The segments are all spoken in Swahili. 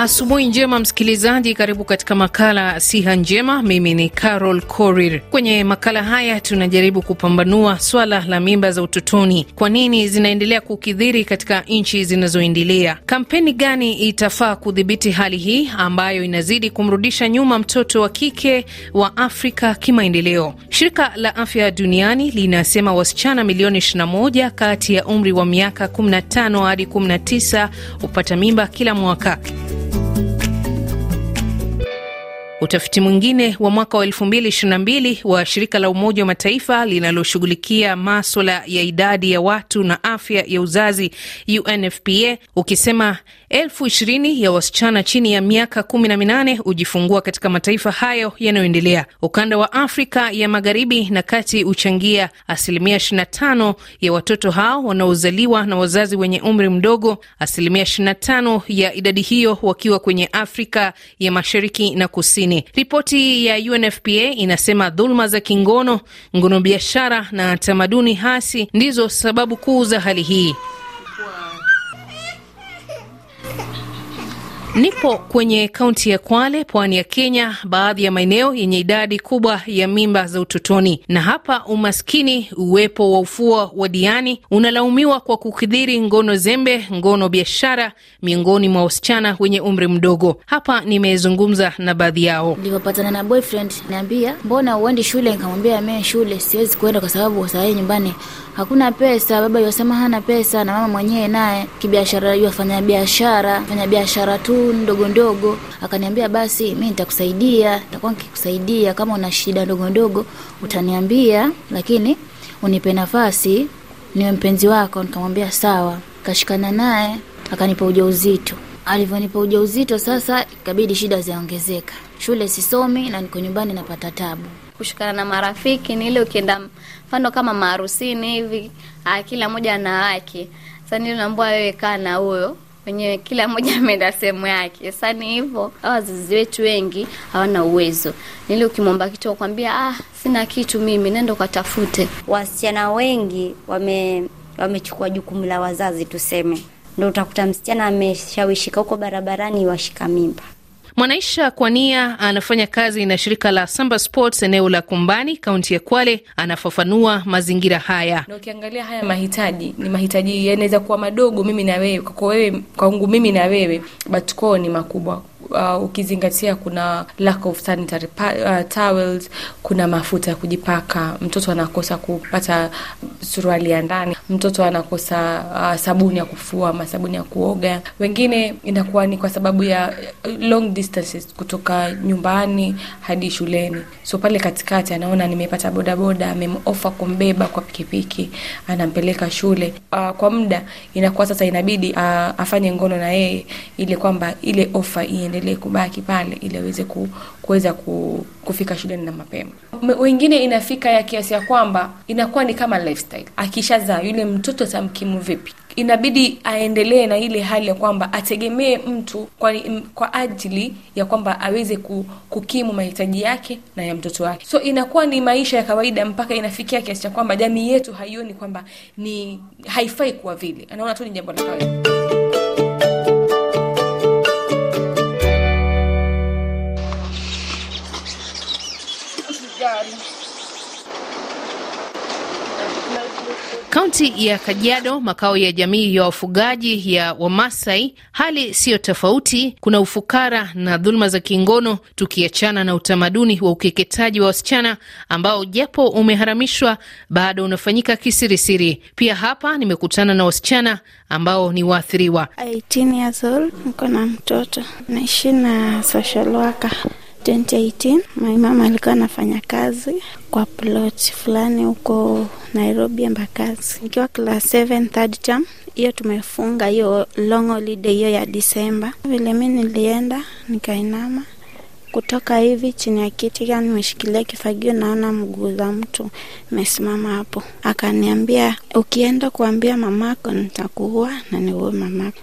Asubuhi njema msikilizaji, karibu katika makala siha njema. Mimi ni Carol Korir. Kwenye makala haya tunajaribu kupambanua swala la mimba za utotoni, kwa nini zinaendelea kukidhiri katika nchi zinazoendelea? Kampeni gani itafaa kudhibiti hali hii ambayo inazidi kumrudisha nyuma mtoto wa kike wa Afrika kimaendeleo? Shirika la Afya Duniani linasema wasichana milioni 21 kati ya umri wa miaka 15 hadi 19 hupata mimba kila mwaka. Utafiti mwingine wa mwaka wa 2022 wa shirika la Umoja wa Mataifa linaloshughulikia maswala ya idadi ya watu na afya ya uzazi UNFPA ukisema elfu ishirini ya wasichana chini ya miaka kumi na minane hujifungua katika mataifa hayo yanayoendelea. Ukanda wa Afrika ya magharibi na kati huchangia asilimia 25 ya watoto hao wanaozaliwa na wazazi wenye umri mdogo, asilimia 25 ya idadi hiyo wakiwa kwenye Afrika ya mashariki na kusini. Kusini. Ripoti ya UNFPA inasema dhuluma za kingono, ngono biashara na tamaduni hasi ndizo sababu kuu za hali hii. Nipo kwenye kaunti ya Kwale, pwani ya Kenya, baadhi ya maeneo yenye idadi kubwa ya mimba za utotoni. Na hapa umaskini, uwepo wa ufuo wa Diani unalaumiwa kwa kukidhiri ngono zembe, ngono biashara miongoni mwa wasichana wenye umri mdogo. Hapa nimezungumza na baadhi yao. Nilipopatana na boyfriend, niambia mbona uendi shule? Nikamwambia mimi shule siwezi kuenda kwa sababu saa nyumbani hakuna pesa. Baba yosema hana pesa na mama mwenyewe naye kibiashara, yafanya biashara, fanya biashara tu saluni ndogo ndogo. Akaniambia basi mi nitakusaidia, nitakuwa nikikusaidia kama una shida ndogo ndogo utaniambia, lakini unipe nafasi niwe mpenzi wako. Nikamwambia sawa. Kashikana naye akanipa ujauzito. Alivyonipa ujauzito sasa, ikabidi shida ziongezeka. Shule sisomi na niko nyumbani napata tabu kushikana na marafiki ni ile ukienda mfano kama maharusini hivi, ah, kila moja na wake. Sasa ndio naambiwa wewe kaa na huyo wenyewe, kila mmoja ameenda sehemu yake. Sasa ni hivyo, wazazi wetu wengi hawana uwezo, nili ukimwomba kitu akwambia ah, sina kitu mimi, nenda ukatafute. Wasichana wengi wame wamechukua jukumu la wazazi, tuseme, ndo utakuta msichana ameshawishika huko barabarani, washika mimba Mwanaisha Kwania anafanya kazi na shirika la Samba Sports eneo la Kumbani, kaunti ya Kwale. Anafafanua mazingira haya. Na ukiangalia haya mahitaji ni mahitaji yanaweza kuwa madogo, mimi na wewe, kwa wewe, kwangu mimi na wewe, but kwao ni makubwa. Uh, ukizingatia kuna lack of sanitary uh, towels, kuna mafuta ya kujipaka, mtoto anakosa kupata suruali ya ndani mtoto anakosa uh, sabuni ya kufua ama sabuni ya kuoga. Wengine inakuwa ni kwa sababu ya uh, long distances kutoka nyumbani hadi shuleni, so pale katikati anaona nimepata bodaboda, amemofa kumbeba kwa pikipiki, anampeleka shule. Uh, kwa muda inakuwa sasa inabidi uh, afanye ngono na yeye ili kwamba ile ofa iendelee kubaki pale ili aweze ku, kuweza ku, kufika shuleni na mapema. Wengine inafika ya kiasi ya kwamba inakuwa ni kama lifestyle, akishazaa yule yule mtoto atamkimu vipi inabidi aendelee na ile hali ya kwamba ategemee mtu kwa, kwa ajili ya kwamba aweze kukimu mahitaji yake na ya mtoto wake so inakuwa ni maisha ya kawaida mpaka inafikia kiasi cha kwamba jamii yetu haioni kwamba ni haifai kuwa vile anaona tu ni jambo la kawaida Kaunti ya Kajiado, makao ya jamii ya wafugaji ya Wamasai, hali siyo tofauti. Kuna ufukara na dhuluma za kingono, tukiachana na utamaduni wa ukeketaji wa wasichana ambao japo umeharamishwa bado unafanyika kisirisiri. Pia hapa nimekutana na wasichana ambao ni waathiriwa. Niko na mtoto naishi na social worker 2018 my mama alikuwa anafanya kazi kwa plot fulani huko Nairobi mbakazi nikiwa class 7 third term. Hiyo tumefunga hiyo long holiday hiyo ya Disemba. Vile mi nilienda nikainama kutoka hivi chini ya kiti, yani nimeshikilia kifagio, naona mguu za mtu imesimama hapo. Akaniambia, ukienda kuambia mamako nitakuua na niue mamako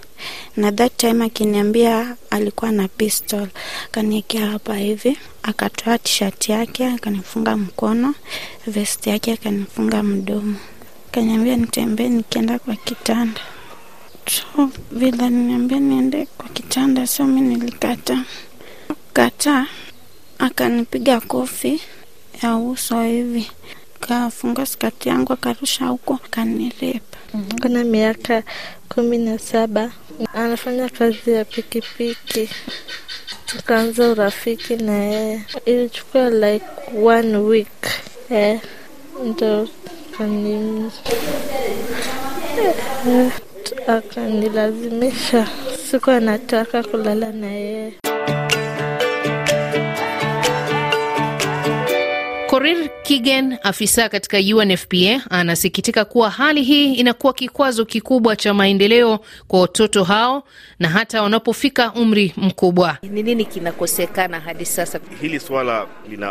na that time akiniambia alikuwa na pistol, akaniekea hapa hivi, akatoa t yake akanifunga mkono, vest yake akanifunga mdomo, akaniambia nitembee nikienda kwa kitanda so vila niambia niende kwa kitanda, so mi nilikata kata, akanipiga kofi ya uso hivi, kafunga skati yangu akarusha huko akanirep Mhm. Kuna miaka kumi na saba anafanya kazi ya pikipiki. Tukaanza urafiki na yeye, ilichukua like one week eh, ndo akanilazimisha, siku anataka kulala na yeye. Kigen, afisa katika UNFPA, anasikitika kuwa hali hii inakuwa kikwazo kikubwa cha maendeleo kwa watoto hao na hata wanapofika umri mkubwa. Ni nini kinakosekana hadi sasa? Hili suala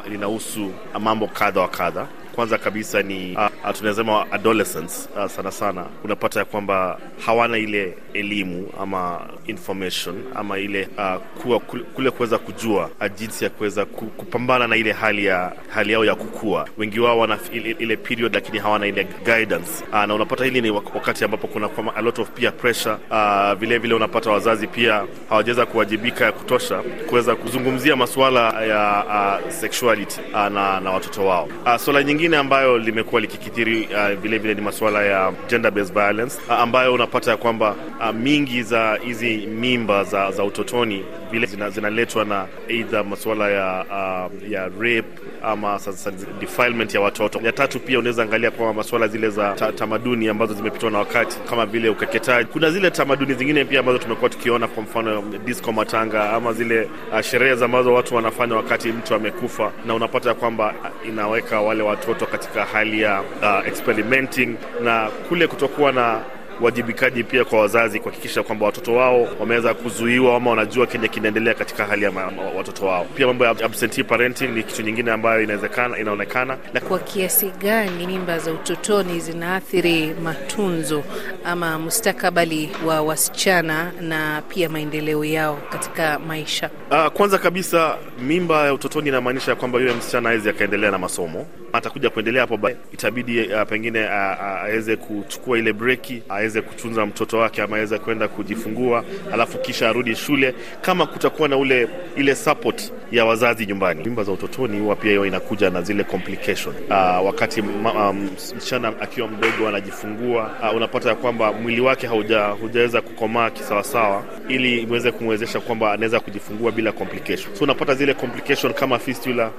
linahusu mambo kadha wa kadha kwanza kabisa ni uh, tunasema adolescents uh, sana sana unapata ya kwamba hawana ile elimu ama information ama ile uh, kuwa, kule kuweza kujua uh, jinsi ya kuweza kupambana na ile hali ya hali yao ya kukua. Wengi wao wana ile, ile period lakini hawana ile guidance uh, na unapata hili ni wakati ambapo kuna kwa, a lot of peer pressure uh, vile vile unapata wazazi pia hawajaweza kuwajibika ya kutosha kuweza kuzungumzia masuala ya uh, sexuality uh, na, na watoto wao uh, swala nyingine lingine ambayo limekuwa likikithiri vilevile uh, vile ni masuala ya gender based violence uh, ambayo unapata ya kwamba uh, mingi za hizi mimba za, za utotoni vile zinaletwa zina na eidha masuala ya, uh, ya rape ama sasa defilement ya watoto. Ya tatu pia unaweza angalia kwa masuala zile za ta, tamaduni ambazo zimepitwa na wakati kama vile ukeketaji. Kuna zile tamaduni zingine pia ambazo tumekuwa tukiona, kwa mfano disco matanga ama zile uh, sherehe ambazo watu wanafanya wakati mtu amekufa, na unapata kwamba uh, inaweka wale watoto katika hali ya uh, experimenting na kule kutokuwa na wajibikaji pia kwa wazazi kuhakikisha kwamba watoto wao wameweza kuzuiwa ama wanajua kenye kinaendelea katika hali ya watoto wao. Pia mambo ya absentee parenting ni kitu nyingine ambayo inawezekana inaonekana. Kwa kiasi gani mimba za utotoni zinaathiri matunzo ama mustakabali wa wasichana na pia maendeleo yao katika maisha? Aa, ah, kwanza kabisa mimba ya utotoni inamaanisha kwamba yule msichana awezi akaendelea na masomo atakuja kuendelea hapo, itabidi uh, pengine aweze uh, uh, kuchukua ile breki aweze uh, kutunza mtoto wake ama aweze kwenda kujifungua, alafu kisha arudi shule, kama kutakuwa na ule ile support ya wazazi nyumbani. Mimba za utotoni huwa pia hiyo inakuja na zile complication uh, wakati msichana um, akiwa mdogo anajifungua uh, unapata ya kwamba mwili wake hujaweza kukomaa kisawasawa, ili iweze kumwezesha kwamba anaweza kujifungua bila complication. So unapata zile complication kama fistula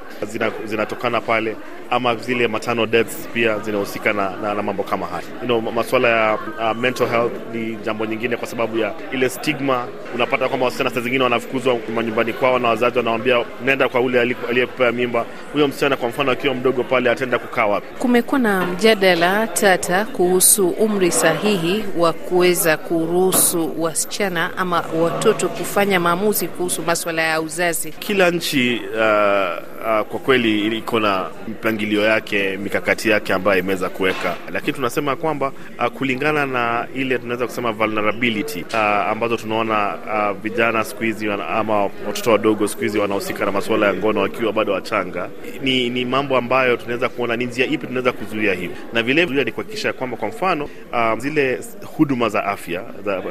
zinatokana zina pale ama kama zile matano deaths pia zinahusika na, na, na mambo kama haya you know, masuala ya uh, mental health ni jambo nyingine, kwa sababu ya ile stigma. Unapata kwamba wasichana saa zingine wanafukuzwa manyumbani kwao na wazazi wanawambia naenda kwa ule aliyekupea mimba. Huyo msichana kwa mfano akiwa mdogo pale ataenda kukaa wapi? Kumekuwa na mjadala tata kuhusu umri sahihi wa kuweza kuruhusu wasichana ama watoto kufanya maamuzi kuhusu maswala ya uzazi. Kila nchi uh, Ah, kwa kweli iko na mipangilio yake, mikakati yake ambayo imeweza kuweka, lakini tunasema kwamba ah, kulingana na ile tunaweza kusema vulnerability ah, ambazo tunaona vijana siku hizi ama watoto wadogo siku hizi wanahusika na masuala ya ngono wakiwa bado wachanga, ni, ni mambo ambayo tunaweza kuona ni njia ipi tunaweza kuzuia hiyo, na vilevile ni kuhakikisha kwamba kwa mfano zile huduma za afya za,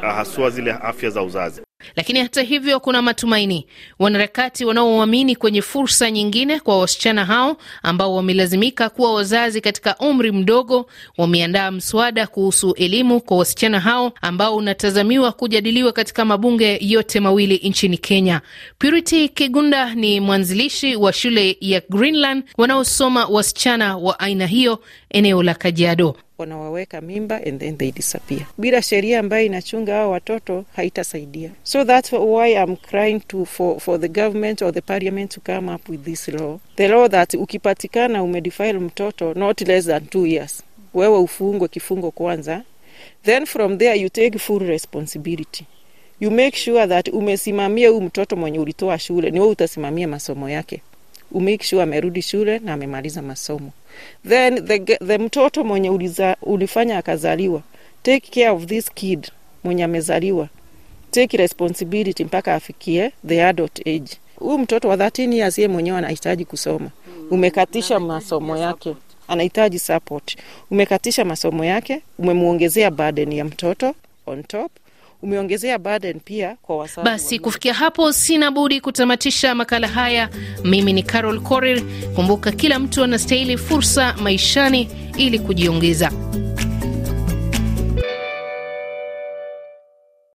haswa zile afya za uzazi lakini hata hivyo kuna matumaini. Wanaharakati wanaoamini kwenye fursa nyingine kwa wasichana hao ambao wamelazimika kuwa wazazi katika umri mdogo wameandaa mswada kuhusu elimu kwa wasichana hao ambao unatazamiwa kujadiliwa katika mabunge yote mawili nchini Kenya. Purity Kigunda ni mwanzilishi wa shule ya Greenland wanaosoma wasichana wa aina hiyo eneo la Kajiado. Wanawaweka mimba and then they disappear. Bila sheria ambayo inachunga hao watoto haitasaidia, so that's why I'm crying to for, for the government or the parliament to come up with this law, the law that ukipatikana umedefile mtoto not less than two years, wewe ufungwe kifungo kwanza, then from there you take full responsibility you make sure that umesimamia huyu mtoto mwenye ulitoa shule, ni wewe utasimamia masomo yake, umake sure amerudi shule na amemaliza masomo then the, the mtoto mwenye uliza, ulifanya akazaliwa, take care of this kid mwenye amezaliwa, take responsibility mpaka afikie the adult age. Huyu mtoto wa 13 years yeye mwenyewe anahitaji kusoma, umekatisha masomo yake anahitaji support, umekatisha masomo yake, umemwongezea burden ya mtoto on top umeongezea burden pia kwa wazazi. Basi kufikia hapo, sina budi kutamatisha makala haya. Mimi ni Carol Korir. Kumbuka, kila mtu anastahili fursa maishani ili kujiongeza.